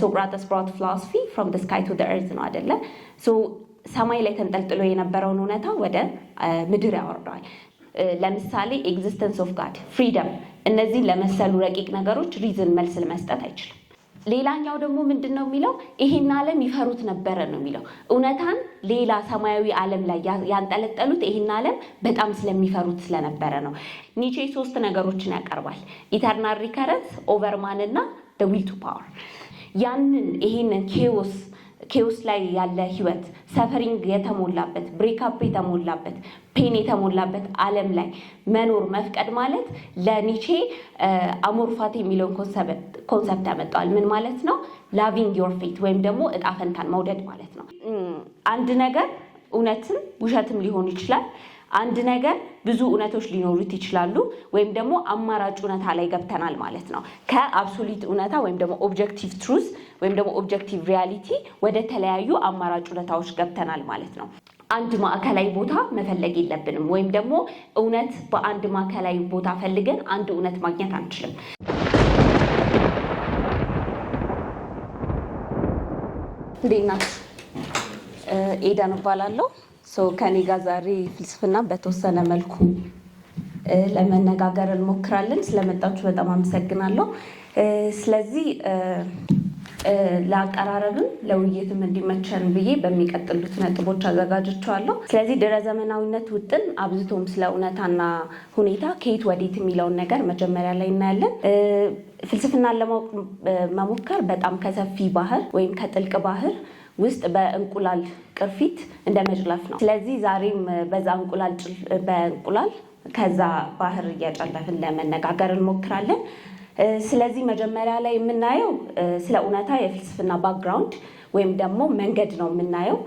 ሶቅራተስ ብሮት ፊሎሶፊ ፍሮም ደ ስካይ ቱ ደ እርዝ ነው አደለ? ሰማይ ላይ ተንጠልጥሎ የነበረውን እውነታ ወደ ምድር ያወርደዋል። ለምሳሌ ኤግዚስተንስ ኦፍ ጋድ፣ ፍሪደም፣ እነዚህን ለመሰሉ ረቂቅ ነገሮች ሪዝን መልስ መስጠት አይችልም። ሌላኛው ደግሞ ምንድን ነው የሚለው ይሄን አለም ይፈሩት ነበረ ነው የሚለው እውነታን ሌላ ሰማያዊ አለም ላይ ያንጠለጠሉት ይሄን አለም በጣም ስለሚፈሩት ስለነበረ ነው። ኒቼ ሶስት ነገሮችን ያቀርባል ኢተርናል ሪከረንስ ኦቨርማን እና ዊል ቱ ፓወር ያንን ይሄንን ኬዎስ ኬዎስ ላይ ያለ ህይወት ሰፈሪንግ የተሞላበት ብሬካፕ የተሞላበት ፔን የተሞላበት አለም ላይ መኖር መፍቀድ ማለት ለኒቼ አሞርፋት የሚለውን ኮንሰፕት ያመጣዋል። ምን ማለት ነው? ላቪንግ ዮር ፌት ወይም ደግሞ እጣ ፈንታን መውደድ ማለት ነው። አንድ ነገር እውነትም ውሸትም ሊሆን ይችላል። አንድ ነገር ብዙ እውነቶች ሊኖሩት ይችላሉ፣ ወይም ደግሞ አማራጭ እውነታ ላይ ገብተናል ማለት ነው። ከአብሶሊት እውነታ ወይም ደግሞ ኦብጀክቲቭ ትሩዝ ወይም ደግሞ ኦብጀክቲቭ ሪያሊቲ ወደ ተለያዩ አማራጭ እውነታዎች ገብተናል ማለት ነው። አንድ ማዕከላዊ ቦታ መፈለግ የለብንም፣ ወይም ደግሞ እውነት በአንድ ማዕከላዊ ቦታ ፈልገን አንድ እውነት ማግኘት አንችልም። እንዴት ናችሁ? ኤደን እባላለሁ። ከኔ ጋር ዛሬ ፍልስፍና በተወሰነ መልኩ ለመነጋገር እንሞክራለን። ስለመጣችሁ በጣም አመሰግናለሁ። ስለዚህ ለአቀራረብም ለውይይትም እንዲመቸን ብዬ በሚቀጥሉት ነጥቦች አዘጋጅቸዋለሁ። ስለዚህ ድረ ዘመናዊነት ውጥን አብዝቶም ስለ እውነታና ሁኔታ ከየት ወዴት የሚለውን ነገር መጀመሪያ ላይ እናያለን። ፍልስፍናን ለማወቅ መሞከር በጣም ከሰፊ ባህር ወይም ከጥልቅ ባህር ውስጥ በእንቁላል ቅርፊት እንደ መጭለፍ ነው። ስለዚህ ዛሬም በዛ እንቁላል በእንቁላል ከዛ ባህር እያጨለፍን ለመነጋገር እንሞክራለን። ስለዚህ መጀመሪያ ላይ የምናየው ስለ እውነታ የፍልስፍና ባክግራውንድ ወይም ደግሞ መንገድ ነው የምናየው።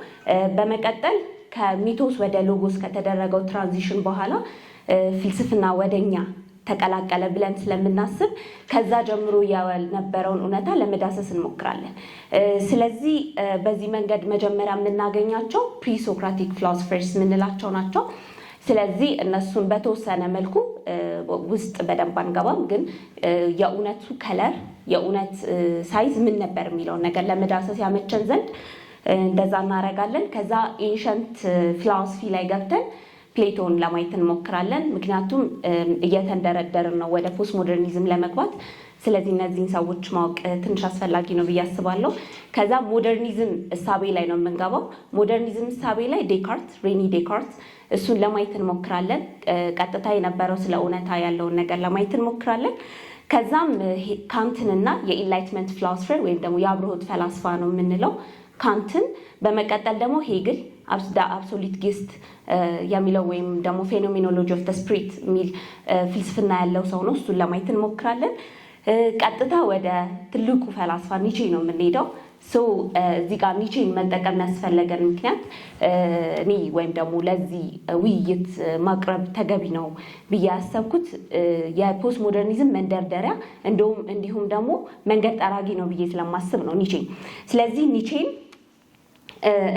በመቀጠል ከሚቶስ ወደ ሎጎስ ከተደረገው ትራንዚሽን በኋላ ፍልስፍና ወደኛ ተቀላቀለ ብለን ስለምናስብ ከዛ ጀምሮ የነበረውን እውነታ ለመዳሰስ እንሞክራለን። ስለዚህ በዚህ መንገድ መጀመሪያ የምናገኛቸው ፕሪሶክራቲክ ፊሎሶፈርስ የምንላቸው ናቸው። ስለዚህ እነሱን በተወሰነ መልኩ ውስጥ በደንብ አንገባም፣ ግን የእውነቱ ከለር የእውነት ሳይዝ ምን ነበር የሚለውን ነገር ለመዳሰስ ያመቸን ዘንድ እንደዛ እናደርጋለን። ከዛ ኤንሸንት ፊሎሶፊ ላይ ገብተን ፕሌቶን ለማየት እንሞክራለን። ምክንያቱም እየተንደረደርን ነው ወደ ፖስት ሞደርኒዝም ለመግባት። ስለዚህ እነዚህን ሰዎች ማወቅ ትንሽ አስፈላጊ ነው ብዬ አስባለሁ። ከዛ ሞደርኒዝም እሳቤ ላይ ነው የምንገባው። ሞደርኒዝም እሳቤ ላይ ዴካርት ሬኒ ዴካርት እሱን ለማየት እንሞክራለን። ቀጥታ የነበረው ስለ እውነታ ያለውን ነገር ለማየት እንሞክራለን። ከዛም ካንትንና የኢንላይትመንት ፍላስፈር ወይም ደግሞ የአብርሆት ፈላስፋ ነው የምንለው ካንትን፣ በመቀጠል ደግሞ ሄግል አብሶሊት ጌስት uh, የሚለው ወይም ደግሞ ፌኖሜኖሎጂ ኦፍ ስፕሪት የሚል uh, ፍልስፍና ያለው ሰው ነው። እሱን ለማየት እንሞክራለን። uh, ቀጥታ ወደ ትልቁ ፈላስፋ ኒቼ ነው የምንሄደው። እዚህ ጋር ኒቼን መጠቀም ያስፈለገን ምክንያት እኔ ወይም ደግሞ ለዚህ ውይይት ማቅረብ ተገቢ ነው ብዬ ያሰብኩት የፖስት ሞደርኒዝም መንደርደሪያ እንዲሁም ደግሞ መንገድ ጠራጊ ነው ብዬ ስለማስብ ነው ኒቼን። ስለዚህ ኒቼን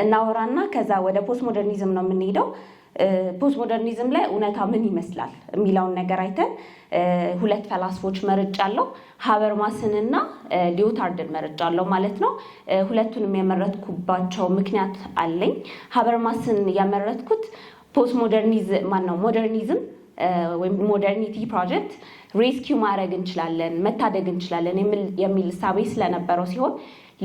እናወራና ከዛ ወደ ፖስት ሞደርኒዝም ነው የምንሄደው። ፖስት ሞደርኒዝም ላይ እውነታ ምን ይመስላል የሚለውን ነገር አይተን ሁለት ፈላስፎች መርጫለሁ። ሀበርማስን እና ሊዮታርድን መርጫለሁ ማለት ነው። ሁለቱንም የመረጥኩባቸው ምክንያት አለኝ። ሀበርማስን ያመረጥኩት ፖስት ሞደርኒዝም ማነው ሞደርኒዝም ወይም ሞደርኒቲ ፕሮጀክት ሬስኪው ማድረግ እንችላለን፣ መታደግ እንችላለን የሚል እሳቤ ስለነበረው ሲሆን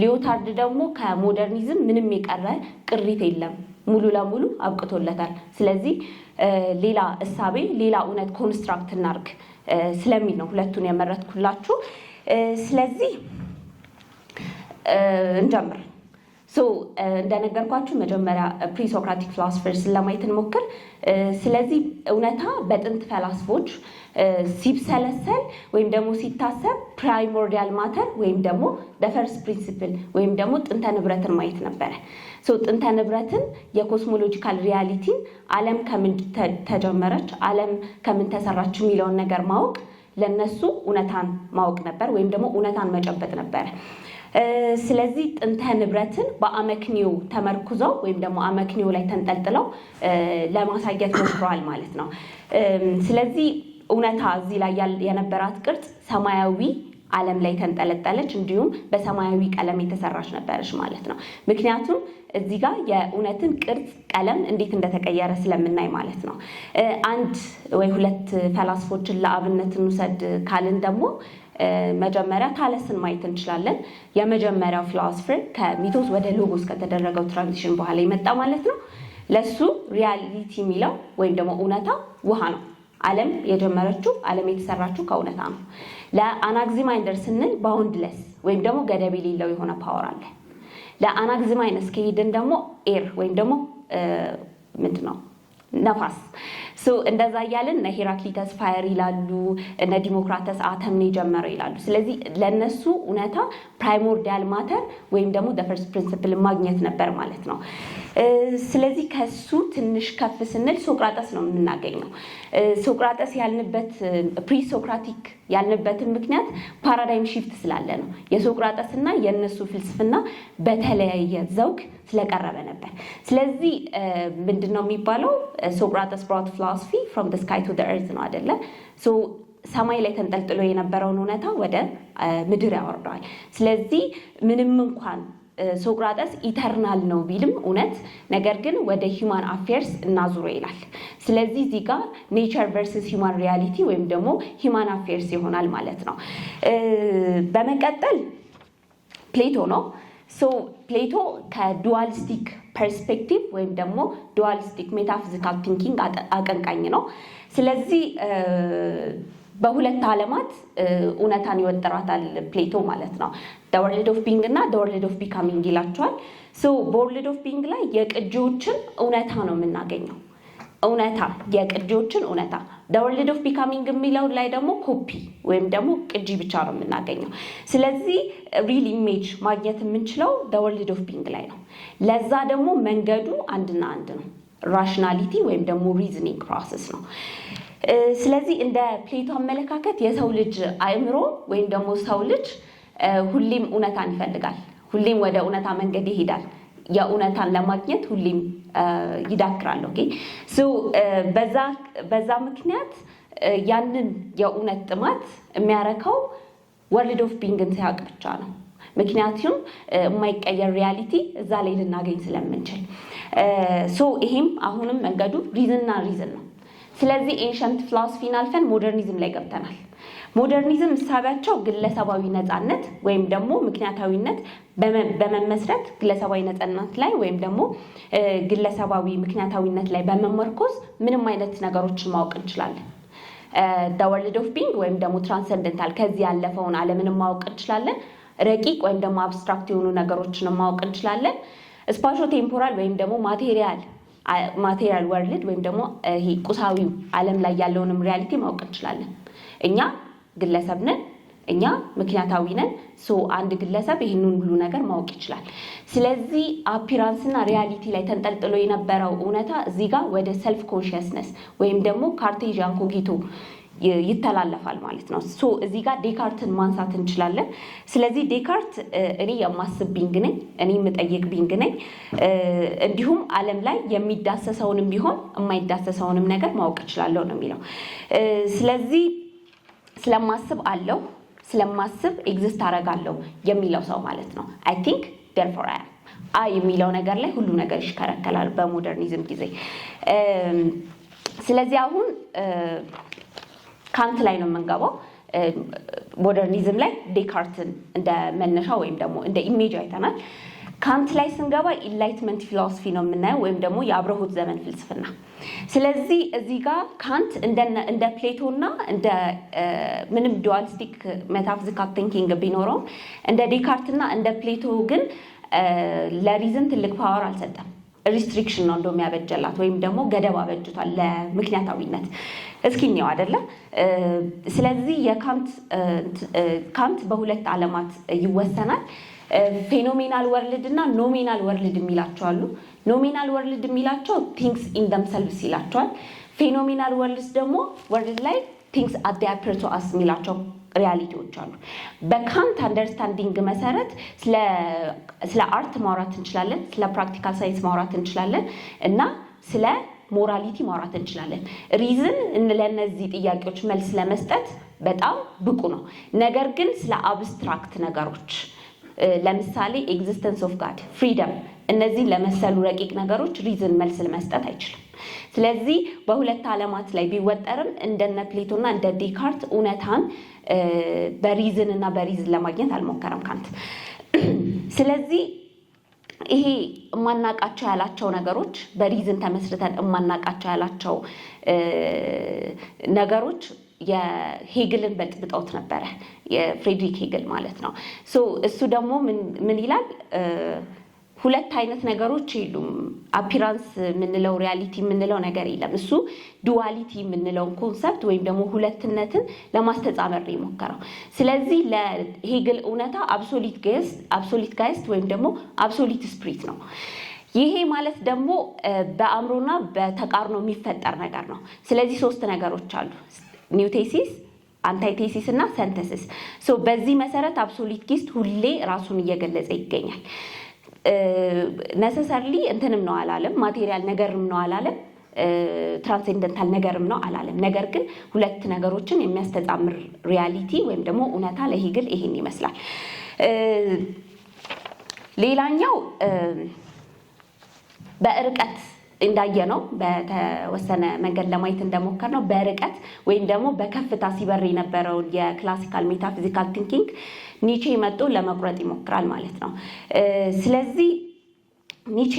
ሊዮታርድ ደግሞ ከሞደርኒዝም ምንም የቀረ ቅሪት የለም፣ ሙሉ ለሙሉ አብቅቶለታል። ስለዚህ ሌላ እሳቤ፣ ሌላ እውነት ኮንስትራክት እናርግ ስለሚል ነው ሁለቱን የመረጥኩላችሁ። ስለዚህ እንጀምር። Uh, እንደነገርኳችሁ መጀመሪያ ፕሪሶክራቲክ uh, ፍላስፈርስን ለማየት እንሞክር። uh, ስለዚህ እውነታ በጥንት ፈላስፎች ሲብሰለሰል ወይም ደግሞ ሲታሰብ ፕራይሞርዲያል ማተር ወይም ደግሞ ደፈርስ ፕሪንሲፕል ወይም ደግሞ ጥንተ ንብረትን ማየት ነበረ። ጥንተ ንብረትን የኮስሞሎጂካል ሪያሊቲን ዓለም ከምን ተጀመረች፣ ዓለም ከምን ተሰራች የሚለውን ነገር ማወቅ ለነሱ እውነታን ማወቅ ነበር ወይም ደግሞ እውነታን መጨበጥ ነበረ። ስለዚህ ጥንተ ንብረትን በአመክኒው ተመርኩዘው ወይም ደግሞ አመክኒው ላይ ተንጠልጥለው ለማሳየት ሞክረዋል ማለት ነው። ስለዚህ እውነታ እዚህ ላይ የነበራት ቅርጽ ሰማያዊ ዓለም ላይ ተንጠለጠለች፣ እንዲሁም በሰማያዊ ቀለም የተሰራች ነበረች ማለት ነው። ምክንያቱም እዚህ ጋር የእውነትን ቅርጽ ቀለም እንዴት እንደተቀየረ ስለምናይ ማለት ነው። አንድ ወይ ሁለት ፈላስፎችን ለአብነት እንውሰድ ካልን ደግሞ መጀመሪያ ታለስን ማየት እንችላለን። የመጀመሪያው ፊሎሶፈር ከሚቶስ ወደ ሎጎስ ከተደረገው ትራንዚሽን በኋላ የመጣ ማለት ነው። ለሱ ሪያሊቲ የሚለው ወይም ደግሞ እውነታ ውሃ ነው። ዓለም የጀመረችው ዓለም የተሰራችው ከእውነታ ነው። ለአናግዚማይንደር ስንል ባውንድለስ ወይም ደግሞ ገደብ የሌለው የሆነ ፓወር አለ። ለአናግዚማይነስ ከሄድን ደግሞ ኤር ወይም ደግሞ ምንድን ነው ነፋስ እንደዛ እያለን እነ ሄራክሊተስ ፋየር ይላሉ፣ እነ ዲሞክራተስ አተም ነው የጀመረው ይላሉ። ስለዚህ ለእነሱ እውነታ ፕራይሞርዲያል ማተር ወይም ደግሞ ፈርስት ፕሪንስፕል ማግኘት ነበር ማለት ነው። ስለዚህ ከሱ ትንሽ ከፍ ስንል ሶቅራጠስ ነው የምናገኘው። ሶቅራጠስ ያልንበት ፕሪ ያልንበትን ምክንያት ፓራዳይም ሺፍት ስላለ ነው። የሶቅራጠስና የእነሱ ፍልስፍና በተለያየ ዘውግ ስለቀረበ ነበር። ስለዚህ ምንድን ነው የሚባለው? ሶቅራጠስ ብራት ፊሎሶፊ ፍሮም ስካይ ቱ ርዝ ነው አደለ? ሰማይ ላይ ተንጠልጥሎ የነበረውን እውነታ ወደ ምድር ያወርደዋል። ስለዚህ ምንም እንኳን ሶቅራጠስ ኢተርናል ነው ቢልም እውነት ነገር ግን ወደ ሂማን አፌርስ እናዙሮ ይላል። ስለዚህ እዚህ ጋር ኔቸር ቨርስስ ሂማን ሪያሊቲ ወይም ደግሞ ሂማን አፌርስ ይሆናል ማለት ነው። በመቀጠል ፕሌቶ ነው። ፕሌቶ ከዱዋልስቲክ ፐርስፔክቲቭ ወይም ደግሞ ዱዋልስቲክ ሜታፊዚካል ቲንኪንግ አቀንቃኝ ነው። ስለዚህ በሁለት ዓለማት እውነታን ይወጥራታል ፕሌቶ ማለት ነው። ወርልድ ኦፍ ቢንግ እና ወርልድ ኦፍ ቢካሚንግ ይላቸዋል። በወርልድ ኦፍ ቢንግ ላይ የቅጂዎችን እውነታ ነው የምናገኘው እውነታ የቅጂዎችን እውነታ ወርልድ ኦፍ ቢካሚንግ የሚለው ላይ ደግሞ ኮፒ ወይም ደግሞ ቅጂ ብቻ ነው የምናገኘው። ስለዚህ ሪል ኢሜጅ ማግኘት የምንችለው ወርልድ ኦፍ ቢንግ ላይ ነው። ለዛ ደግሞ መንገዱ አንድና አንድ ነው፣ ራሽናሊቲ ወይም ደግሞ ሪዝኒንግ ፕሮሰስ ነው። ስለዚህ እንደ ፕሌቶ አመለካከት የሰው ልጅ አእምሮ ወይም ደግሞ ሰው ልጅ ሁሌም እውነታን ይፈልጋል። ሁሌም ወደ እውነታ መንገድ ይሄዳል። የእውነታን ለማግኘት ሁሌም ይዳክራል። በዛ ምክንያት ያንን የእውነት ጥማት የሚያረካው ወርልድ ኦፍ ቢንግን ሲያውቅ ብቻ ነው። ምክንያቱም የማይቀየር ሪያሊቲ እዛ ላይ ልናገኝ ስለምንችል፣ ሶ ይሄም አሁንም መንገዱ ሪዝንና ሪዝን ነው። ስለዚህ ኤንሸንት ፍላስፊን አልፈን ሞደርኒዝም ላይ ገብተናል። ሞደርኒዝም እሳቢያቸው ግለሰባዊ ነፃነት ወይም ደግሞ ምክንያታዊነት በመመስረት ግለሰባዊ ነፃነት ላይ ወይም ደግሞ ግለሰባዊ ምክንያታዊነት ላይ በመመርኮዝ ምንም አይነት ነገሮችን ማወቅ እንችላለን። ወርልድ ኦፍ ቢንግ ወይም ደግሞ ትራንሰንደንታል ከዚህ ያለፈውን ዓለምን ማወቅ እንችላለን። ረቂቅ ወይም ደግሞ አብስትራክት የሆኑ ነገሮችን ማወቅ እንችላለን። ስፓሾ ቴምፖራል ወይም ደግሞ ማቴሪያል ማቴሪያል ወርልድ ወይም ደግሞ ይሄ ቁሳዊው ዓለም ላይ ያለውንም ሪያሊቲ ማወቅ እንችላለን። እኛ ግለሰብ ነን፣ እኛ ምክንያታዊ ነን። ሶ አንድ ግለሰብ ይህንን ሁሉ ነገር ማወቅ ይችላል። ስለዚህ አፒራንስና ሪያሊቲ ላይ ተንጠልጥሎ የነበረው እውነታ እዚህ ጋር ወደ ሰልፍ ኮንሽስነስ ወይም ደግሞ ካርቴዣን ኮጊቶ ይተላለፋል ማለት ነው። ሶ እዚህ ጋር ዴካርትን ማንሳት እንችላለን። ስለዚህ ዴካርት እኔ የማስብ ቢንግ ነኝ፣ እኔ የምጠይቅ ቢንግ ነኝ። እንዲሁም ዓለም ላይ የሚዳሰሰውንም ቢሆን የማይዳሰሰውንም ነገር ማወቅ እችላለሁ ነው የሚለው። ስለዚህ ስለማስብ አለው ስለማስብ ኤግዚስት አደርጋለሁ የሚለው ሰው ማለት ነው። አይ ቲንክ ዴርፎር አይ አይ የሚለው ነገር ላይ ሁሉ ነገር ይሽከረከላል በሞደርኒዝም ጊዜ። ስለዚህ አሁን ካንት ላይ ነው የምንገባው። ሞደርኒዝም ላይ ዴካርትን እንደ መነሻ ወይም ደግሞ እንደ ኢሜጅ አይተናል። ካንት ላይ ስንገባ ኢንላይትመንት ፊሎሶፊ ነው የምናየው ወይም ደግሞ የአብረሁት ዘመን ፍልስፍና። ስለዚህ እዚህ ጋር ካንት እንደ ፕሌቶ እና እንደ ምንም ዱዋልስቲክ ሜታፊዚካል ቲንኪንግ ቢኖረውም እንደ ዴካርት እና እንደ ፕሌቶ ግን ለሪዝን ትልቅ ፓወር አልሰጠም። ሪስትሪክሽን ነው እንደውም ያበጀላት ወይም ደግሞ ገደብ አበጅቷል ለምክንያታዊነት። እስኪኛው አደለ። ስለዚህ የካንት በሁለት ዓለማት ይወሰናል። ፌኖሜናል ወርልድ እና ኖሜናል ወርልድ የሚላቸው አሉ። ኖሜናል ወርልድ የሚላቸው ቲንግስ ኢን ደምሰልቭስ ይላቸዋል። ፌኖሜናል ወርልድ ደግሞ ወርልድ ላይ ቲንግስ አት አፒር ቱ አስ የሚላቸው ሪያሊቲዎች አሉ። በካንት አንደርስታንዲንግ መሰረት ስለ አርት ማውራት እንችላለን፣ ስለ ፕራክቲካል ሳይንስ ማውራት እንችላለን እና ስለ ሞራሊቲ ማውራት እንችላለን። ሪዝን ለእነዚህ ጥያቄዎች መልስ ለመስጠት በጣም ብቁ ነው። ነገር ግን ስለ አብስትራክት ነገሮች ለምሳሌ ኤግዚስተንስ ኦፍ ጋድ፣ ፍሪደም እነዚህ ለመሰሉ ረቂቅ ነገሮች ሪዝን መልስ ለመስጠት አይችልም። ስለዚህ በሁለት ዓለማት ላይ ቢወጠርም እንደነ ፕሌቶና እንደ ዴካርት እውነታን በሪዝን እና በሪዝን ለማግኘት አልሞከረም ካንት። ስለዚህ ይሄ እማናቃቸው ያላቸው ነገሮች በሪዝን ተመስርተን እማናቃቸው ያላቸው ነገሮች የሄግልን በጥብጠውት ነበረ። የፍሬድሪክ ሄግል ማለት ነው። እሱ ደግሞ ምን ይላል? ሁለት አይነት ነገሮች የሉም። አፒራንስ የምንለው ሪያሊቲ የምንለው ነገር የለም። እሱ ዱዋሊቲ የምንለውን ኮንሰፕት ወይም ደግሞ ሁለትነትን ለማስተጻመር የሞከረው። ስለዚህ ለሄግል እውነታ አብሶሊት ጋይስት ወይም ደግሞ አብሶሊት ስፕሪት ነው። ይሄ ማለት ደግሞ በአእምሮና በተቃርኖ የሚፈጠር ነገር ነው። ስለዚህ ሶስት ነገሮች አሉ ኒውቴሲስ አንታይቴሲስ እና ሰንተሲስ። በዚህ መሰረት አብሶሊት ጊስት ሁሌ ራሱን እየገለጸ ይገኛል። ነሰሰርሊ እንትንም ነው አላለም፣ ማቴሪያል ነገርም ነው አላለም፣ ትራንሴንደንታል ነገርም ነው አላለም። ነገር ግን ሁለት ነገሮችን የሚያስተጣምር ሪያሊቲ ወይም ደግሞ እውነታ ለሄግል ይሄን ይመስላል። ሌላኛው በእርቀት እንዳየ ነው በተወሰነ መንገድ ለማየት እንደሞከር ነው በርቀት ወይም ደግሞ በከፍታ ሲበር የነበረውን የክላሲካል ሜታፊዚካል ቲንኪንግ ኒቼ መጥቶ ለመቁረጥ ይሞክራል ማለት ነው። ስለዚህ ኒቼ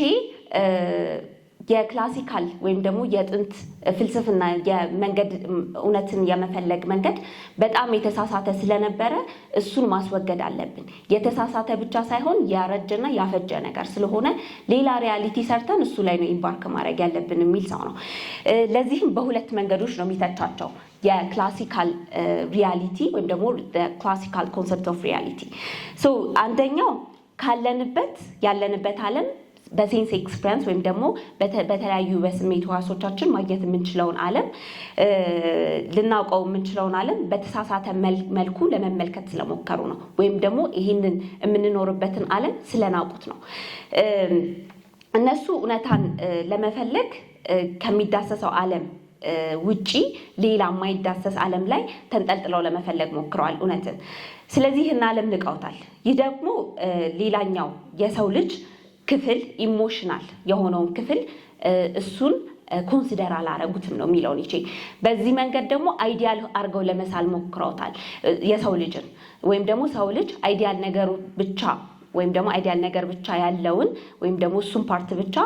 የክላሲካል ወይም ደግሞ የጥንት ፍልስፍና የመንገድ እውነትን የመፈለግ መንገድ በጣም የተሳሳተ ስለነበረ እሱን ማስወገድ አለብን። የተሳሳተ ብቻ ሳይሆን ያረጀና ያፈጀ ነገር ስለሆነ ሌላ ሪያሊቲ ሰርተን እሱ ላይ ነው ኢምባርክ ማድረግ ያለብን የሚል ሰው ነው። ለዚህም በሁለት መንገዶች ነው የሚተቻቸው የክላሲካል ሪያሊቲ ወይም ደግሞ ክላሲካል ኮንሰፕት ኦፍ ሪያሊቲ። አንደኛው ካለንበት ያለንበት ዓለም በሴንስ ኤክስፐሪንስ ወይም ደግሞ በተለያዩ በስሜት ህዋሶቻችን ማግኘት የምንችለውን ዓለም ልናውቀው የምንችለውን ዓለም በተሳሳተ መልኩ ለመመልከት ስለሞከሩ ነው። ወይም ደግሞ ይህንን የምንኖርበትን ዓለም ስለናቁት ነው። እነሱ እውነታን ለመፈለግ ከሚዳሰሰው ዓለም ውጪ ሌላ የማይዳሰስ ዓለም ላይ ተንጠልጥለው ለመፈለግ ሞክረዋል እውነትን። ስለዚህ ይህን ዓለም ንቀውታል። ይህ ደግሞ ሌላኛው የሰው ልጅ ክፍል ኢሞሽናል የሆነውን ክፍል እሱን ኮንሲደር አላረጉትም ነው የሚለውን ይቼ በዚህ መንገድ ደግሞ አይዲያል አድርገው ለመሳል ሞክረውታል። የሰው ልጅን ወይም ደግሞ ሰው ልጅ አይዲያል ነገሩ ብቻ ወይም ደግሞ አይዲያል ነገር ብቻ ያለውን ወይም ደግሞ እሱን ፓርት ብቻ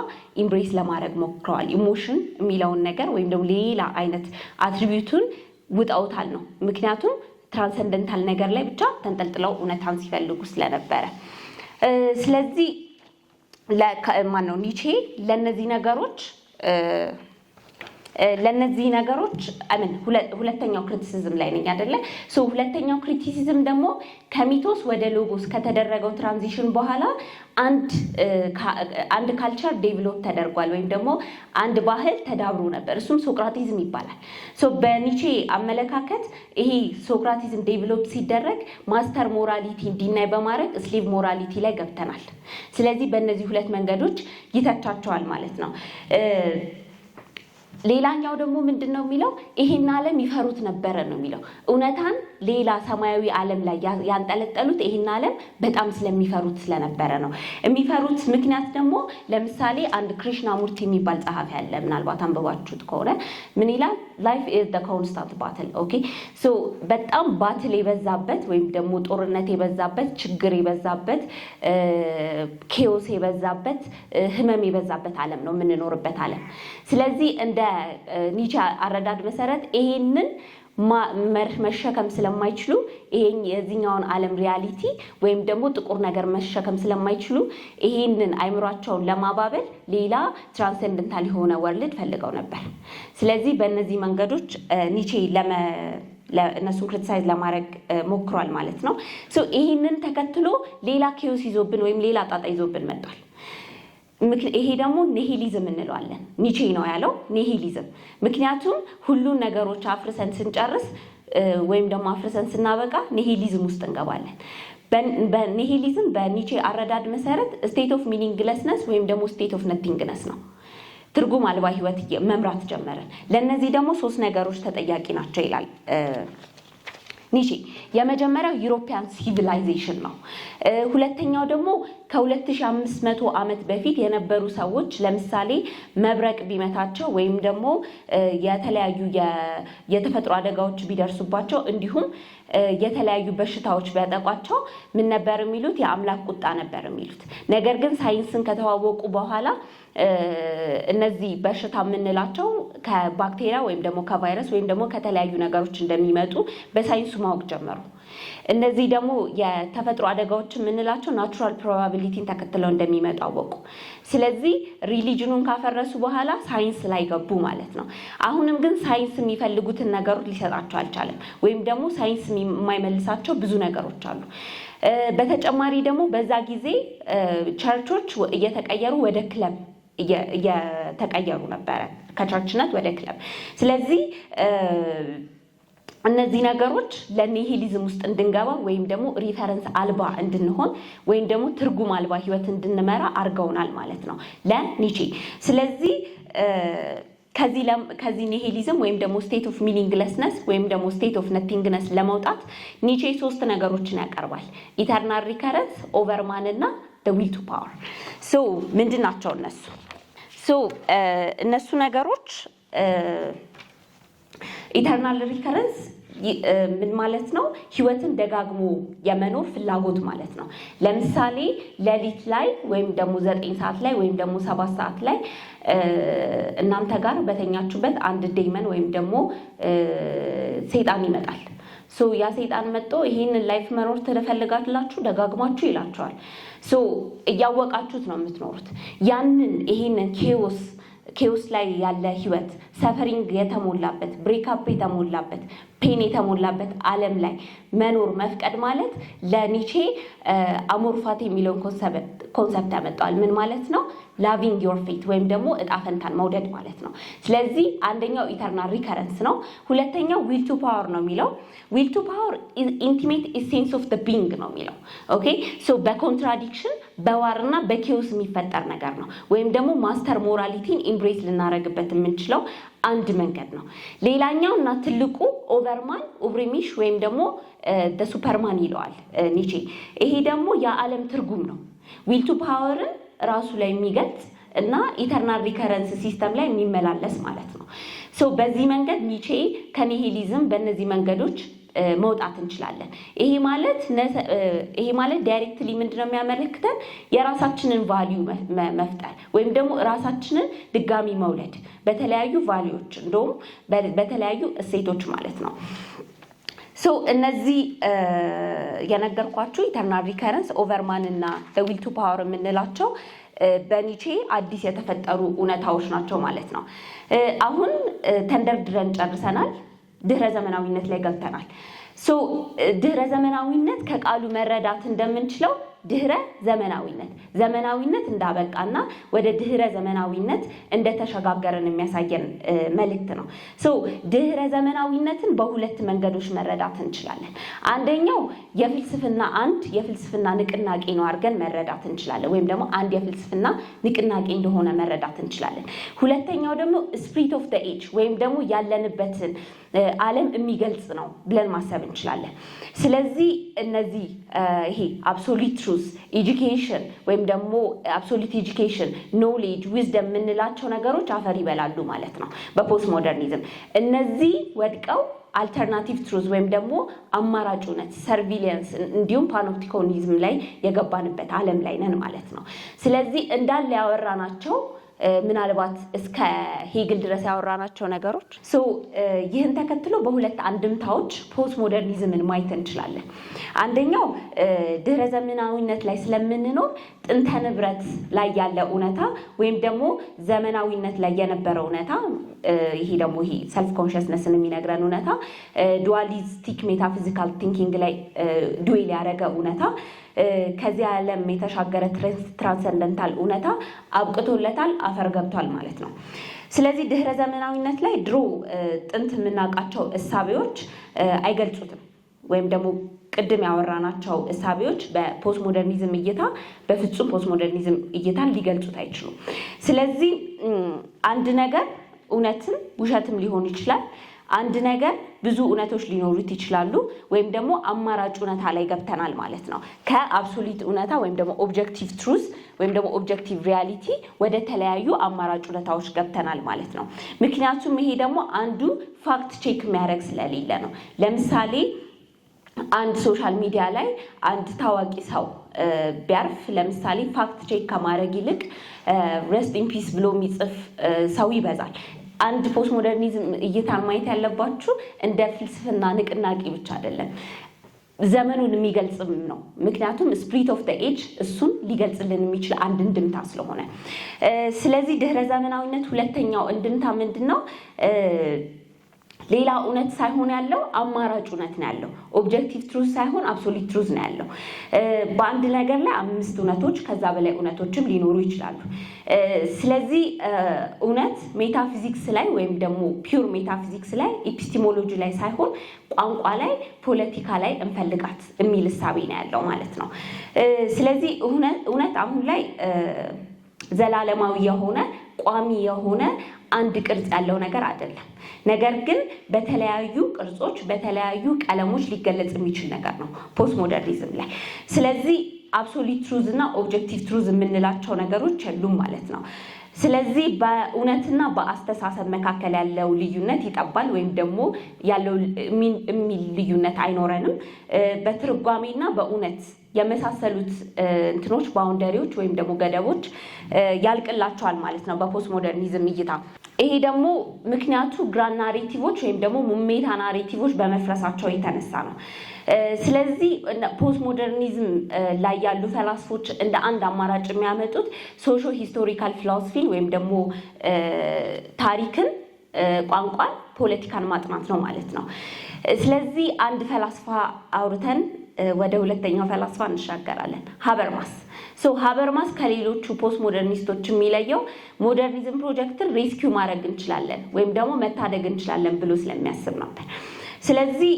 ኢምብሬስ ለማድረግ ሞክረዋል። ኢሞሽን የሚለውን ነገር ወይም ደግሞ ሌላ አይነት አትሪቢዩቱን ውጠውታል ነው ምክንያቱም ትራንሰንደንታል ነገር ላይ ብቻ ተንጠልጥለው እውነታን ሲፈልጉ ስለነበረ ስለዚህ ማነው ኒቼ ለእነዚህ ነገሮች ለነዚህ ነገሮች አምን ሁለተኛው ክሪቲሲዝም ላይ ነኝ አደለ? ሁለተኛው ክሪቲሲዝም ደግሞ ከሚቶስ ወደ ሎጎስ ከተደረገው ትራንዚሽን በኋላ አንድ ካልቸር ዴቨሎፕ ተደርጓል ወይም ደግሞ አንድ ባህል ተዳብሮ ነበር። እሱም ሶክራቲዝም ይባላል። በኒቼ አመለካከት ይሄ ሶክራቲዝም ዴቨሎፕ ሲደረግ ማስተር ሞራሊቲ እንዲናይ በማድረግ ስሊቭ ሞራሊቲ ላይ ገብተናል። ስለዚህ በእነዚህ ሁለት መንገዶች ይተቻቸዋል ማለት ነው። ሌላኛው ደግሞ ምንድን ነው የሚለው ይሄን ዓለም ይፈሩት ነበረ ነው የሚለው እውነታን ሌላ ሰማያዊ ዓለም ላይ ያንጠለጠሉት ይሄን ዓለም በጣም ስለሚፈሩት ስለነበረ ነው። የሚፈሩት ምክንያት ደግሞ ለምሳሌ አንድ ክሪሽና ሙርቲ የሚባል ጸሐፊ አለ። ምናልባት አንብባችሁት ከሆነ ምን ይላል? ላይፍ ኢዝ ኮንስታንት ባትል። ኦኬ ሶ በጣም ባትል የበዛበት ወይም ደግሞ ጦርነት የበዛበት ችግር የበዛበት ኬዮስ የበዛበት ህመም የበዛበት ዓለም ነው የምንኖርበት ዓለም። ስለዚህ እንደ በኒቻ አረዳድ መሰረት ይሄንን መሸከም ስለማይችሉ ይሄን የዚኛውን ዓለም ሪያሊቲ ወይም ደግሞ ጥቁር ነገር መሸከም ስለማይችሉ ይሄንን አይምሯቸውን ለማባበል ሌላ ትራንሰንደንታል የሆነ ወርልድ ፈልገው ነበር። ስለዚህ በእነዚህ መንገዶች ኒቼ እነሱን ክሪቲሳይዝ ለማድረግ ሞክሯል ማለት ነው። ይህንን ተከትሎ ሌላ ኬዮስ ይዞብን ወይም ሌላ ጣጣ ይዞብን መጥቷል። ይሄ ደግሞ ኒሂሊዝም እንለዋለን። ኒቼ ነው ያለው ኒሂሊዝም። ምክንያቱም ሁሉን ነገሮች አፍርሰን ስንጨርስ ወይም ደግሞ አፍርሰን ስናበቃ ኒሂሊዝም ውስጥ እንገባለን። ኒሂሊዝም በኒቼ አረዳድ መሰረት ስቴት ኦፍ ሚኒንግለስነስ ወይም ደግሞ ስቴት ኦፍ ነቲንግነስ ነው። ትርጉም አልባ ህይወት መምራት ጀመረን። ለእነዚህ ደግሞ ሶስት ነገሮች ተጠያቂ ናቸው ይላል ኒቺ የመጀመሪያው ዩሮፒያን ሲቪላይዜሽን ነው። ሁለተኛው ደግሞ ከ2500 ዓመት በፊት የነበሩ ሰዎች ለምሳሌ መብረቅ ቢመታቸው ወይም ደግሞ የተለያዩ የተፈጥሮ አደጋዎች ቢደርሱባቸው እንዲሁም የተለያዩ በሽታዎች ቢያጠቋቸው ምን ነበር የሚሉት? የአምላክ ቁጣ ነበር የሚሉት። ነገር ግን ሳይንስን ከተዋወቁ በኋላ እነዚህ በሽታ የምንላቸው ከባክቴሪያ ወይም ደግሞ ከቫይረስ ወይም ደግሞ ከተለያዩ ነገሮች እንደሚመጡ በሳይንሱ ማወቅ ጀመሩ። እነዚህ ደግሞ የተፈጥሮ አደጋዎች የምንላቸው ናቹራል ፕሮባቢሊቲን ተከትለው እንደሚመጡ አወቁ። ስለዚህ ሪሊጅኑን ካፈረሱ በኋላ ሳይንስ ላይ ገቡ ማለት ነው። አሁንም ግን ሳይንስ የሚፈልጉትን ነገሮች ሊሰጣቸው አልቻለም፣ ወይም ደግሞ ሳይንስ የማይመልሳቸው ብዙ ነገሮች አሉ። በተጨማሪ ደግሞ በዛ ጊዜ ቸርቾች እየተቀየሩ ወደ ክለብ እየተቀየሩ ነበረ ከቸርችነት ወደ ክለብ። ስለዚህ እነዚህ ነገሮች ለኒሂሊዝም ውስጥ እንድንገባ ወይም ደግሞ ሪፈረንስ አልባ እንድንሆን ወይም ደግሞ ትርጉም አልባ ህይወት እንድንመራ አርገውናል ማለት ነው ለኒቼ። ስለዚህ ከዚህ ኒሄሊዝም ወይም ደግሞ ስቴት ኦፍ ሚኒንግለስነስ ወይም ደግሞ ስቴት ኦፍ ነቲንግነስ ለመውጣት ኒቼ ሶስት ነገሮችን ያቀርባል ኢተርናል ሪከረንስ ኦቨርማን እና ዊል ቱ ፓወር ሶ ምንድን ናቸው እነሱ? ሶ እነሱ ነገሮች ኢተርናል ሪከረንስ ምን ማለት ነው? ህይወትን ደጋግሞ የመኖር ፍላጎት ማለት ነው። ለምሳሌ ሌሊት ላይ ወይም ደግሞ ዘጠኝ ሰዓት ላይ ወይም ደግሞ ሰባት ሰዓት ላይ እናንተ ጋር በተኛችሁበት አንድ ዴመን ወይም ደግሞ ሴጣን ይመጣል። ሶ ያ ሰይጣን መጥቶ ይህንን ላይፍ መኖር ትፈልጋላችሁ ደጋግማችሁ ይላቸዋል። ሶ እያወቃችሁት ነው የምትኖሩት ያንን ይህንን ኬዎስ ኬዎስ ላይ ያለ ህይወት ሰፈሪንግ የተሞላበት ብሬካፕ የተሞላበት ፔን የተሞላበት አለም ላይ መኖር መፍቀድ ማለት ለኒቼ አሞርፋት የሚለውን ኮንሰፕት ያመጣዋል። ምን ማለት ነው? ላቪንግ ዮር ፌት ወይም ደግሞ እጣ ፈንታን መውደድ ማለት ነው። ስለዚህ አንደኛው ኢተርናል ሪከረንስ ነው። ሁለተኛው ዊል ቱ ፓወር ነው የሚለው ዊል ቱ ፓወር ኢንቲሜት ኢሴንስ ኦፍ ቢንግ ነው የሚለው ኦኬ ሶ በኮንትራዲክሽን በዋርና በኪውስ የሚፈጠር ነገር ነው። ወይም ደግሞ ማስተር ሞራሊቲን ኢምብሬስ ልናደረግበት የምንችለው አንድ መንገድ ነው። ሌላኛው እና ትልቁ ኦቨርማን ኦብሪሚሽ ወይም ደግሞ ሱፐርማን ይለዋል ኒቼ። ይሄ ደግሞ የዓለም ትርጉም ነው። ዊልቱ ፓወርን ራሱ ላይ የሚገልጽ እና ኢተርናል ሪከረንስ ሲስተም ላይ የሚመላለስ ማለት ነው። በዚህ መንገድ ኒቼ ከኒሄሊዝም በእነዚህ መንገዶች መውጣት እንችላለን። ይሄ ማለት ይሄ ማለት ዳይሬክትሊ ምንድን ነው የሚያመለክተን የራሳችንን ቫሊዩ መፍጠር ወይም ደግሞ ራሳችንን ድጋሚ መውለድ በተለያዩ ቫሊዎች እንደውም በተለያዩ እሴቶች ማለት ነው። ሰው እነዚህ የነገርኳችሁ ኢተርናል ሪከረንስ ኦቨርማን እና ዊል ቱ ፓወር የምንላቸው በኒቼ አዲስ የተፈጠሩ እውነታዎች ናቸው ማለት ነው። አሁን ተንደርድረን ጨርሰናል። ድህረ ዘመናዊነት ላይ ገብተናል። ድህረ ዘመናዊነት ከቃሉ መረዳት እንደምንችለው ድህረ ዘመናዊነት ዘመናዊነት እንዳበቃና ወደ ድህረ ዘመናዊነት እንደተሸጋገረን የሚያሳየን መልእክት ነው። ድህረ ዘመናዊነትን በሁለት መንገዶች መረዳት እንችላለን። አንደኛው የፍልስፍና አንድ የፍልስፍና ንቅናቄ ነው አድርገን መረዳት እንችላለን፣ ወይም ደግሞ አንድ የፍልስፍና ንቅናቄ እንደሆነ መረዳት እንችላለን። ሁለተኛው ደግሞ ስፕሪት ኦፍ ደ ኤጅ ወይም ደግሞ ያለንበትን ዓለም የሚገልጽ ነው ብለን ማሰብ እንችላለን። ስለዚህ እነዚህ ይሄ አብሶሉት ኢሹስ ኤጁኬሽን ወይም ደግሞ አብሶሉት ኤጁኬሽን ኖሌጅ ዊዝደም የምንላቸው ነገሮች አፈር ይበላሉ ማለት ነው በፖስት ሞደርኒዝም። እነዚህ ወድቀው አልተርናቲቭ ትሩዝ ወይም ደግሞ አማራጭ እውነት ሰርቪሊየንስ እንዲሁም ፓኖፕቲኮኒዝም ላይ የገባንበት አለም ላይ ነን ማለት ነው። ስለዚህ እንዳለ ናቸው። ምናልባት እስከ ሄግል ድረስ ያወራናቸው ነገሮች ይህን ተከትሎ በሁለት አንድምታዎች ፖስት ሞደርኒዝምን ማየት እንችላለን። አንደኛው ድህረ ዘመናዊነት ላይ ስለምንኖር ጥንተ ንብረት ላይ ያለ እውነታ ወይም ደግሞ ዘመናዊነት ላይ የነበረ እውነታ ይሄ ደግሞ ይሄ ሰልፍ ኮንሽስነስን የሚነግረን እውነታ ዱዋሊስቲክ ሜታፊዚካል ቲንኪንግ ላይ ዱዌል ያደረገ እውነታ ከዚህ ዓለም የተሻገረ ትራንሰንደንታል እውነታ አብቅቶለታል፣ አፈር ገብቷል ማለት ነው። ስለዚህ ድህረ ዘመናዊነት ላይ ድሮ ጥንት የምናውቃቸው እሳቤዎች አይገልጹትም ወይም ደግሞ ቅድም ያወራናቸው እሳቤዎች በፖስት ሞደርኒዝም እይታ በፍጹም ፖስት ሞደርኒዝም እይታ ሊገልጹት አይችሉም። ስለዚህ አንድ ነገር እውነትም ውሸትም ሊሆን ይችላል። አንድ ነገር ብዙ እውነቶች ሊኖሩት ይችላሉ፣ ወይም ደግሞ አማራጭ እውነታ ላይ ገብተናል ማለት ነው። ከአብሶሊት እውነታ ወይም ደግሞ ኦብጀክቲቭ ትሩዝ ወይም ደግሞ ኦብጀክቲቭ ሪያሊቲ ወደ ተለያዩ አማራጭ እውነታዎች ገብተናል ማለት ነው። ምክንያቱም ይሄ ደግሞ አንዱ ፋክት ቼክ የሚያደርግ ስለሌለ ነው። ለምሳሌ አንድ ሶሻል ሚዲያ ላይ አንድ ታዋቂ ሰው ቢያርፍ ለምሳሌ ፋክት ቼክ ከማድረግ ይልቅ ረስት ኢን ፒስ ብሎ የሚጽፍ ሰው ይበዛል። አንድ ፖስት ሞደርኒዝም እይታ ማየት ያለባችሁ እንደ ፍልስፍና ንቅናቄ ብቻ አይደለም፣ ዘመኑን የሚገልጽም ነው። ምክንያቱም ስፕሪት ኦፍ ተ ኤጅ እሱን ሊገልጽልን የሚችል አንድ እንድምታ ስለሆነ፣ ስለዚህ ድህረ ዘመናዊነት ሁለተኛው እንድምታ ምንድን ነው? ሌላ እውነት ሳይሆን ያለው አማራጭ እውነት ነው ያለው። ኦብጀክቲቭ ትሩዝ ሳይሆን አብሶሊት ትሩዝ ነው ያለው። በአንድ ነገር ላይ አምስት እውነቶች ከዛ በላይ እውነቶችም ሊኖሩ ይችላሉ። ስለዚህ እውነት ሜታፊዚክስ ላይ ወይም ደግሞ ፒውር ሜታፊዚክስ ላይ ኤፒስቲሞሎጂ ላይ ሳይሆን ቋንቋ ላይ፣ ፖለቲካ ላይ እንፈልጋት የሚል እሳቤ ነው ያለው ማለት ነው። ስለዚህ እውነት አሁን ላይ ዘላለማዊ የሆነ ቋሚ የሆነ አንድ ቅርጽ ያለው ነገር አይደለም። ነገር ግን በተለያዩ ቅርጾች፣ በተለያዩ ቀለሞች ሊገለጽ የሚችል ነገር ነው ፖስት ሞደርኒዝም ላይ ስለዚህ አብሶሊት ትሩዝ እና ኦብጀክቲቭ ትሩዝ የምንላቸው ነገሮች የሉም ማለት ነው። ስለዚህ በእውነትና በአስተሳሰብ መካከል ያለው ልዩነት ይጠባል ወይም ደግሞ ያለው የሚል ልዩነት አይኖረንም። በትርጓሜና በእውነት የመሳሰሉት እንትኖች ባውንደሪዎች ወይም ደግሞ ገደቦች ያልቅላቸዋል ማለት ነው በፖስት ሞደርኒዝም እይታ። ይሄ ደግሞ ምክንያቱ ግራንድ ናሬቲቮች ወይም ደግሞ ሙሜታ ናሬቲቮች በመፍረሳቸው የተነሳ ነው። ስለዚህ ፖስት ሞደርኒዝም ላይ ያሉ ፈላስፎች እንደ አንድ አማራጭ የሚያመጡት ሶሾ ሂስቶሪካል ፊሎሶፊን ወይም ደግሞ ታሪክን፣ ቋንቋን፣ ፖለቲካን ማጥናት ነው ማለት ነው። ስለዚህ አንድ ፈላስፋ አውርተን ወደ ሁለተኛው ፈላስፋ እንሻገራለን። ሀበርማስ ሀበርማስ ከሌሎቹ ፖስት ሞደርኒስቶች የሚለየው ሞደርኒዝም ፕሮጀክትን ሬስኪው ማድረግ እንችላለን ወይም ደግሞ መታደግ እንችላለን ብሎ ስለሚያስብ ነበር። ስለዚህ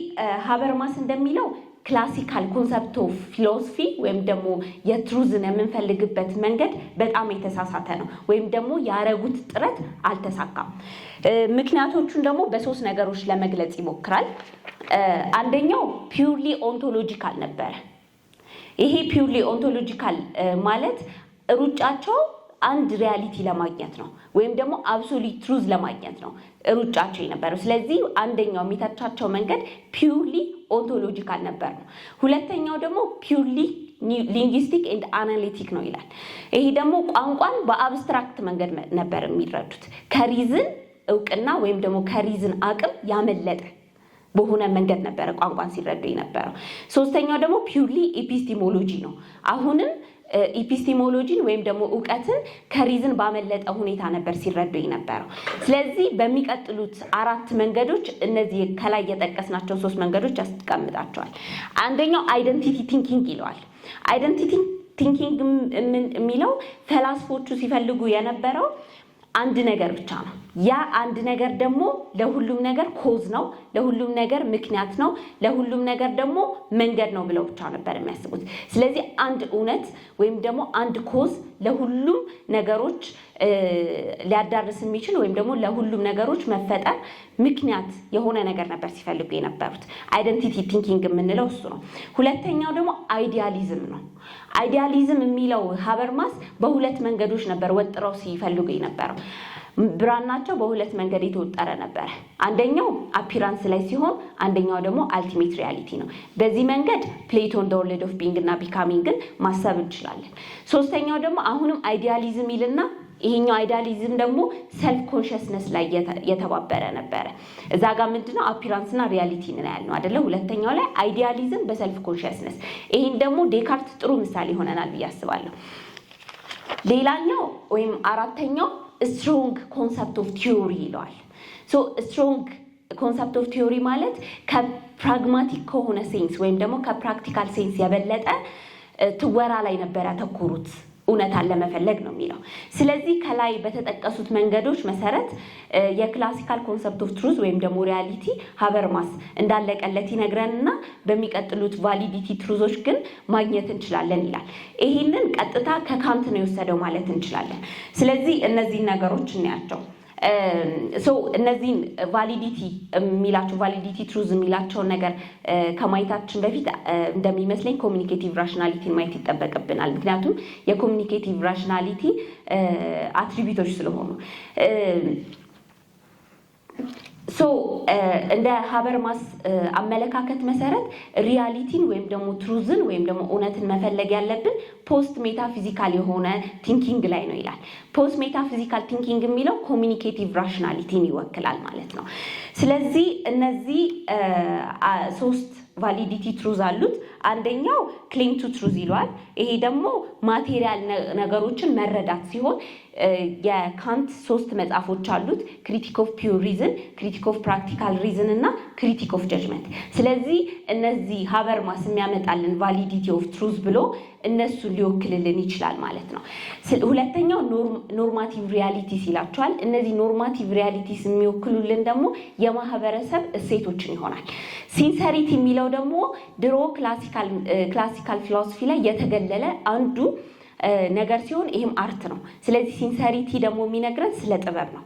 ሀበርማስ እንደሚለው ክላሲካል ኮንሰፕት ኦፍ ፊሎሶፊ ወይም ደግሞ የትሩዝን የምንፈልግበት መንገድ በጣም የተሳሳተ ነው፣ ወይም ደግሞ ያረጉት ጥረት አልተሳካም። ምክንያቶቹን ደግሞ በሶስት ነገሮች ለመግለጽ ይሞክራል። አንደኛው ፒውርሊ ኦንቶሎጂካል ነበረ። ይሄ ፒውርሊ ኦንቶሎጂካል ማለት ሩጫቸው አንድ ሪያሊቲ ለማግኘት ነው፣ ወይም ደግሞ አብሶሉት ትሩዝ ለማግኘት ነው። ሩጫቸው የነበረው። ስለዚህ አንደኛው የሚተቻቸው መንገድ ፒውርሊ ኦንቶሎጂካል ነበር ነው። ሁለተኛው ደግሞ ፒውርሊ ሊንግዊስቲክ ኤንድ አናሊቲክ ነው ይላል። ይሄ ደግሞ ቋንቋን በአብስትራክት መንገድ ነበር የሚረዱት ከሪዝን እውቅና ወይም ደግሞ ከሪዝን አቅም ያመለጠ በሆነ መንገድ ነበረ ቋንቋን ሲረዱ የነበረው። ሶስተኛው ደግሞ ፒውርሊ ኤፒስቲሞሎጂ ነው። አሁንም ኢፒስቲሞሎጂን ወይም ደግሞ እውቀትን ከሪዝን ባመለጠ ሁኔታ ነበር ሲረዱ የነበረው። ስለዚህ በሚቀጥሉት አራት መንገዶች እነዚህ ከላይ የጠቀስናቸውን ሶስት መንገዶች ያስቀምጣቸዋል። አንደኛው አይደንቲቲ ቲንኪንግ ይለዋል። አይደንቲቲ ቲንኪንግ የሚለው ፈላስፎቹ ሲፈልጉ የነበረው አንድ ነገር ብቻ ነው ያ አንድ ነገር ደግሞ ለሁሉም ነገር ኮዝ ነው፣ ለሁሉም ነገር ምክንያት ነው፣ ለሁሉም ነገር ደግሞ መንገድ ነው ብለው ብቻ ነበር የሚያስቡት። ስለዚህ አንድ እውነት ወይም ደግሞ አንድ ኮዝ ለሁሉም ነገሮች ሊያዳርስ የሚችል ወይም ደግሞ ለሁሉም ነገሮች መፈጠር ምክንያት የሆነ ነገር ነበር ሲፈልጉ የነበሩት። አይደንቲቲ ቲንኪንግ የምንለው እሱ ነው። ሁለተኛው ደግሞ አይዲያሊዝም ነው። አይዲያሊዝም የሚለው ሀበርማስ በሁለት መንገዶች ነበር ወጥረው ሲፈልጉ የነበረው ብራናቸው በሁለት መንገድ የተወጠረ ነበረ። አንደኛው አፒራንስ ላይ ሲሆን፣ አንደኛው ደግሞ አልቲሜት ሪያሊቲ ነው። በዚህ መንገድ ፕሌቶን እንደ ወርልድ ኦፍ ቢንግ እና ቢካሚንግን ማሰብ እንችላለን። ሶስተኛው ደግሞ አሁንም አይዲያሊዝም ይልና ይሄኛው አይዲያሊዝም ደግሞ ሰልፍ ኮንሽስነስ ላይ የተባበረ ነበረ። እዛ ጋር ምንድነው አፒራንስና ሪያሊቲ ያል ነው አደለ? ሁለተኛው ላይ አይዲያሊዝም በሰልፍ ኮንሽስነስ። ይህን ደግሞ ዴካርት ጥሩ ምሳሌ ይሆነናል ብዬ አስባለሁ። ሌላኛው ወይም አራተኛው ስትሮንግ ኮንሰፕት ኦፍ ቲዮሪ ይለዋል። ሶ ስትሮንግ ኮንሰፕት ኦፍ ቲዮሪ ማለት ከፕራግማቲክ ከሆነ ሴንስ ወይም ደግሞ ከፕራክቲካል ሴንስ የበለጠ ትወራ ላይ ነበር ያተኮሩት። እውነታን ለመፈለግ ነው የሚለው። ስለዚህ ከላይ በተጠቀሱት መንገዶች መሰረት የክላሲካል ኮንሰፕት ኦፍ ትሩዝ ወይም ደግሞ ሪያሊቲ ሀበርማስ እንዳለቀለት ይነግረንና በሚቀጥሉት ቫሊዲቲ ትሩዞች ግን ማግኘት እንችላለን ይላል። ይህንን ቀጥታ ከካንት ነው የወሰደው ማለት እንችላለን። ስለዚህ እነዚህን ነገሮች እናያቸው። ሰው እነዚህን ቫሊዲቲ የሚላቸው ቫሊዲቲ ትሩዝ የሚላቸውን ነገር ከማየታችን በፊት እንደሚመስለኝ ኮሚኒኬቲቭ ራሽናሊቲን ማየት ይጠበቅብናል። ምክንያቱም የኮሚኒኬቲቭ ራሽናሊቲ አትሪቢቶች ስለሆኑ ሶ እንደ ሀበርማስ አመለካከት መሰረት ሪያሊቲን ወይም ደግሞ ትሩዝን ወይም ደግሞ እውነትን መፈለግ ያለብን ፖስት ሜታ ፊዚካል የሆነ ቲንኪንግ ላይ ነው ይላል። ፖስት ሜታፊዚካል ቲንኪንግ የሚለው ኮሚኒኬቲቭ ራሽናሊቲን ይወክላል ማለት ነው። ስለዚህ እነዚህ ሶስት ቫሊዲቲ ትሩዝ አሉት። አንደኛው ክሌም ቱ ትሩዝ ይለዋል። ይሄ ደግሞ ማቴሪያል ነገሮችን መረዳት ሲሆን የካንት ሶስት መጽሐፎች አሉት፣ ክሪቲክ ኦፍ ፒውር ሪዝን፣ ክሪቲክ ኦፍ ፕራክቲካል ሪዝን እና ክሪቲክ ኦፍ ጀጅመንት። ስለዚህ እነዚህ ሀበርማስ የሚያመጣልን ቫሊዲቲ ኦፍ ትሩዝ ብሎ እነሱን ሊወክልልን ይችላል ማለት ነው። ሁለተኛው ኖርማቲቭ ሪያሊቲስ ይላቸዋል። እነዚህ ኖርማቲቭ ሪያሊቲስ የሚወክሉልን ደግሞ የማህበረሰብ እሴቶችን ይሆናል። ሲንሰሪቲ የሚለው ደግሞ ድሮ ክላሲካል ፊሎሶፊ ላይ የተገለለ አንዱ ነገር ሲሆን ይህም አርት ነው። ስለዚህ ሲንሰሪቲ ደግሞ የሚነግረን ስለ ጥበብ ነው።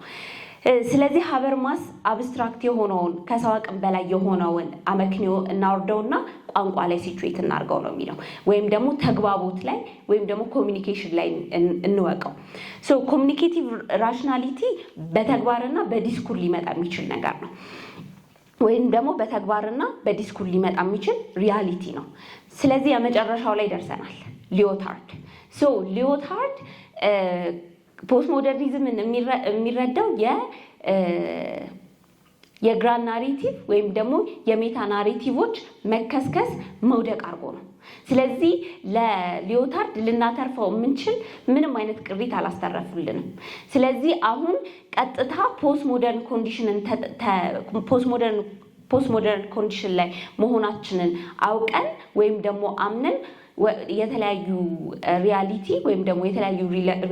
ስለዚህ ሀበርማስ አብስትራክት የሆነውን ከሰው አቅም በላይ የሆነውን አመክንዮ እናወርደውና ቋንቋ ላይ ሲትዌት እናርገው ነው የሚለው። ወይም ደግሞ ተግባቦት ላይ ወይም ደግሞ ኮሚኒኬሽን ላይ እንወቀው። ሶ ኮሚኒኬቲቭ ራሽናሊቲ በተግባርና በዲስኩር ሊመጣ የሚችል ነገር ነው ወይም ደግሞ በተግባርና በዲስኩር ሊመጣ የሚችል ሪያሊቲ ነው። ስለዚህ የመጨረሻው ላይ ደርሰናል። ሊዮታርድ ሶ ሊዮታርድ ፖስት ሞደርኒዝምን የሚረዳው የግራን ናሬቲቭ ወይም ደግሞ የሜታ ናሬቲቮች መከስከስ መውደቅ አድርጎ ነው። ስለዚህ ለሊዮታርድ ልናተርፈው የምንችል ምንም አይነት ቅሪት አላስተረፉልንም። ስለዚህ አሁን ቀጥታ ፖስት ሞደርን ኮንዲሽን ላይ መሆናችንን አውቀን ወይም ደግሞ አምነን የተለያዩ ሪያሊቲ ወይም ደግሞ የተለያዩ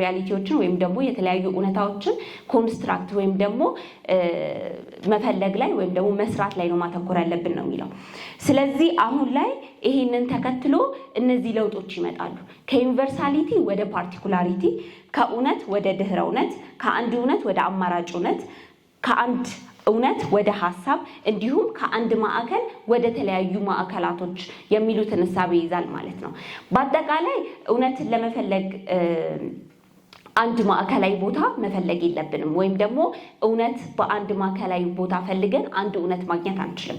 ሪያሊቲዎችን ወይም ደግሞ የተለያዩ እውነታዎችን ኮንስትራክት ወይም ደግሞ መፈለግ ላይ ወይም ደግሞ መስራት ላይ ነው ማተኮር ያለብን ነው የሚለው። ስለዚህ አሁን ላይ ይሄንን ተከትሎ እነዚህ ለውጦች ይመጣሉ። ከዩኒቨርሳሊቲ ወደ ፓርቲኩላሪቲ፣ ከእውነት ወደ ድህረ እውነት፣ ከአንድ እውነት ወደ አማራጭ እውነት፣ ከአንድ እውነት ወደ ሀሳብ እንዲሁም ከአንድ ማዕከል ወደ ተለያዩ ማዕከላቶች የሚሉትን እሳቤ ይይዛል ማለት ነው። በአጠቃላይ እውነትን ለመፈለግ አንድ ማዕከላዊ ቦታ መፈለግ የለብንም። ወይም ደግሞ እውነት በአንድ ማዕከላዊ ቦታ ፈልገን አንድ እውነት ማግኘት አንችልም።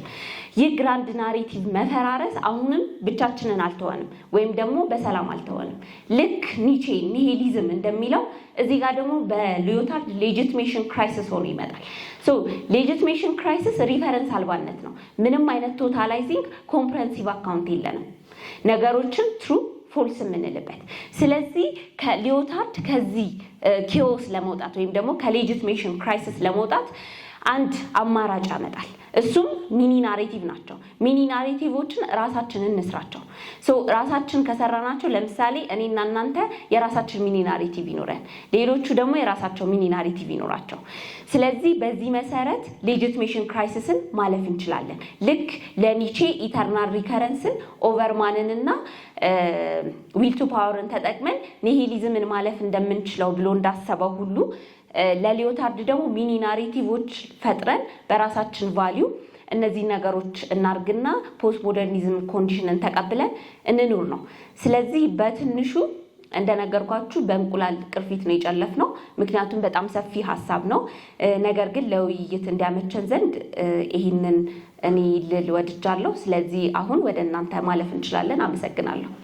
ይህ ግራንድ ናሬቲቭ መፈራረስ አሁንም ብቻችንን አልተወንም፣ ወይም ደግሞ በሰላም አልተወንም። ልክ ኒቼ ኒሄሊዝም እንደሚለው እዚህ ጋር ደግሞ በሊዮታርድ ሌጅትሜሽን ክራይሲስ ሆኖ ይመጣል። ሶ ሌጂትሜሽን ክራይሲስ ሪፈረንስ አልባነት ነው። ምንም አይነት ቶታላይዚንግ ኮምፕረንሲቭ አካውንት የለንም። ነገሮችን ትሩ ፎልስ የምንልበት። ስለዚህ ከሊዮታርድ ከዚህ ኬዎስ ለመውጣት ወይም ደግሞ ከሌጂትሜሽን ክራይሲስ ለመውጣት አንድ አማራጭ ያመጣል። እሱም ሚኒ ናሬቲቭ ናቸው። ሚኒ ናሬቲቮችን ራሳችንን እንስራቸው። ራሳችን ከሰራናቸው፣ ለምሳሌ እኔና እናንተ የራሳችን ሚኒ ናሬቲቭ ይኖረን፣ ሌሎቹ ደግሞ የራሳቸው ሚኒ ናሬቲቭ ይኖራቸው። ስለዚህ በዚህ መሰረት ሌጂትሜሽን ክራይሲስን ማለፍ እንችላለን። ልክ ለኒቼ ኢተርናል ሪከረንስን ኦቨርማንን እና ዊል ቱ ፓወርን ተጠቅመን ኒሂሊዝምን ማለፍ እንደምንችለው ብሎ እንዳሰበው ሁሉ ለሊዮታርድ ደግሞ ሚኒ ናሬቲቮች ፈጥረን በራሳችን ቫሊዩ እነዚህ ነገሮች እናርግና ፖስት ሞደርኒዝም ኮንዲሽንን ተቀብለን እንኑር ነው። ስለዚህ በትንሹ እንደነገርኳችሁ በእንቁላል ቅርፊት ነው ነው። ምክንያቱም በጣም ሰፊ ሀሳብ ነው። ነገር ግን ለውይይት እንዲያመቸን ዘንድ ይህንን እኔ ልል ወድጃለሁ። ስለዚህ አሁን ወደ እናንተ ማለፍ እንችላለን። አመሰግናለሁ።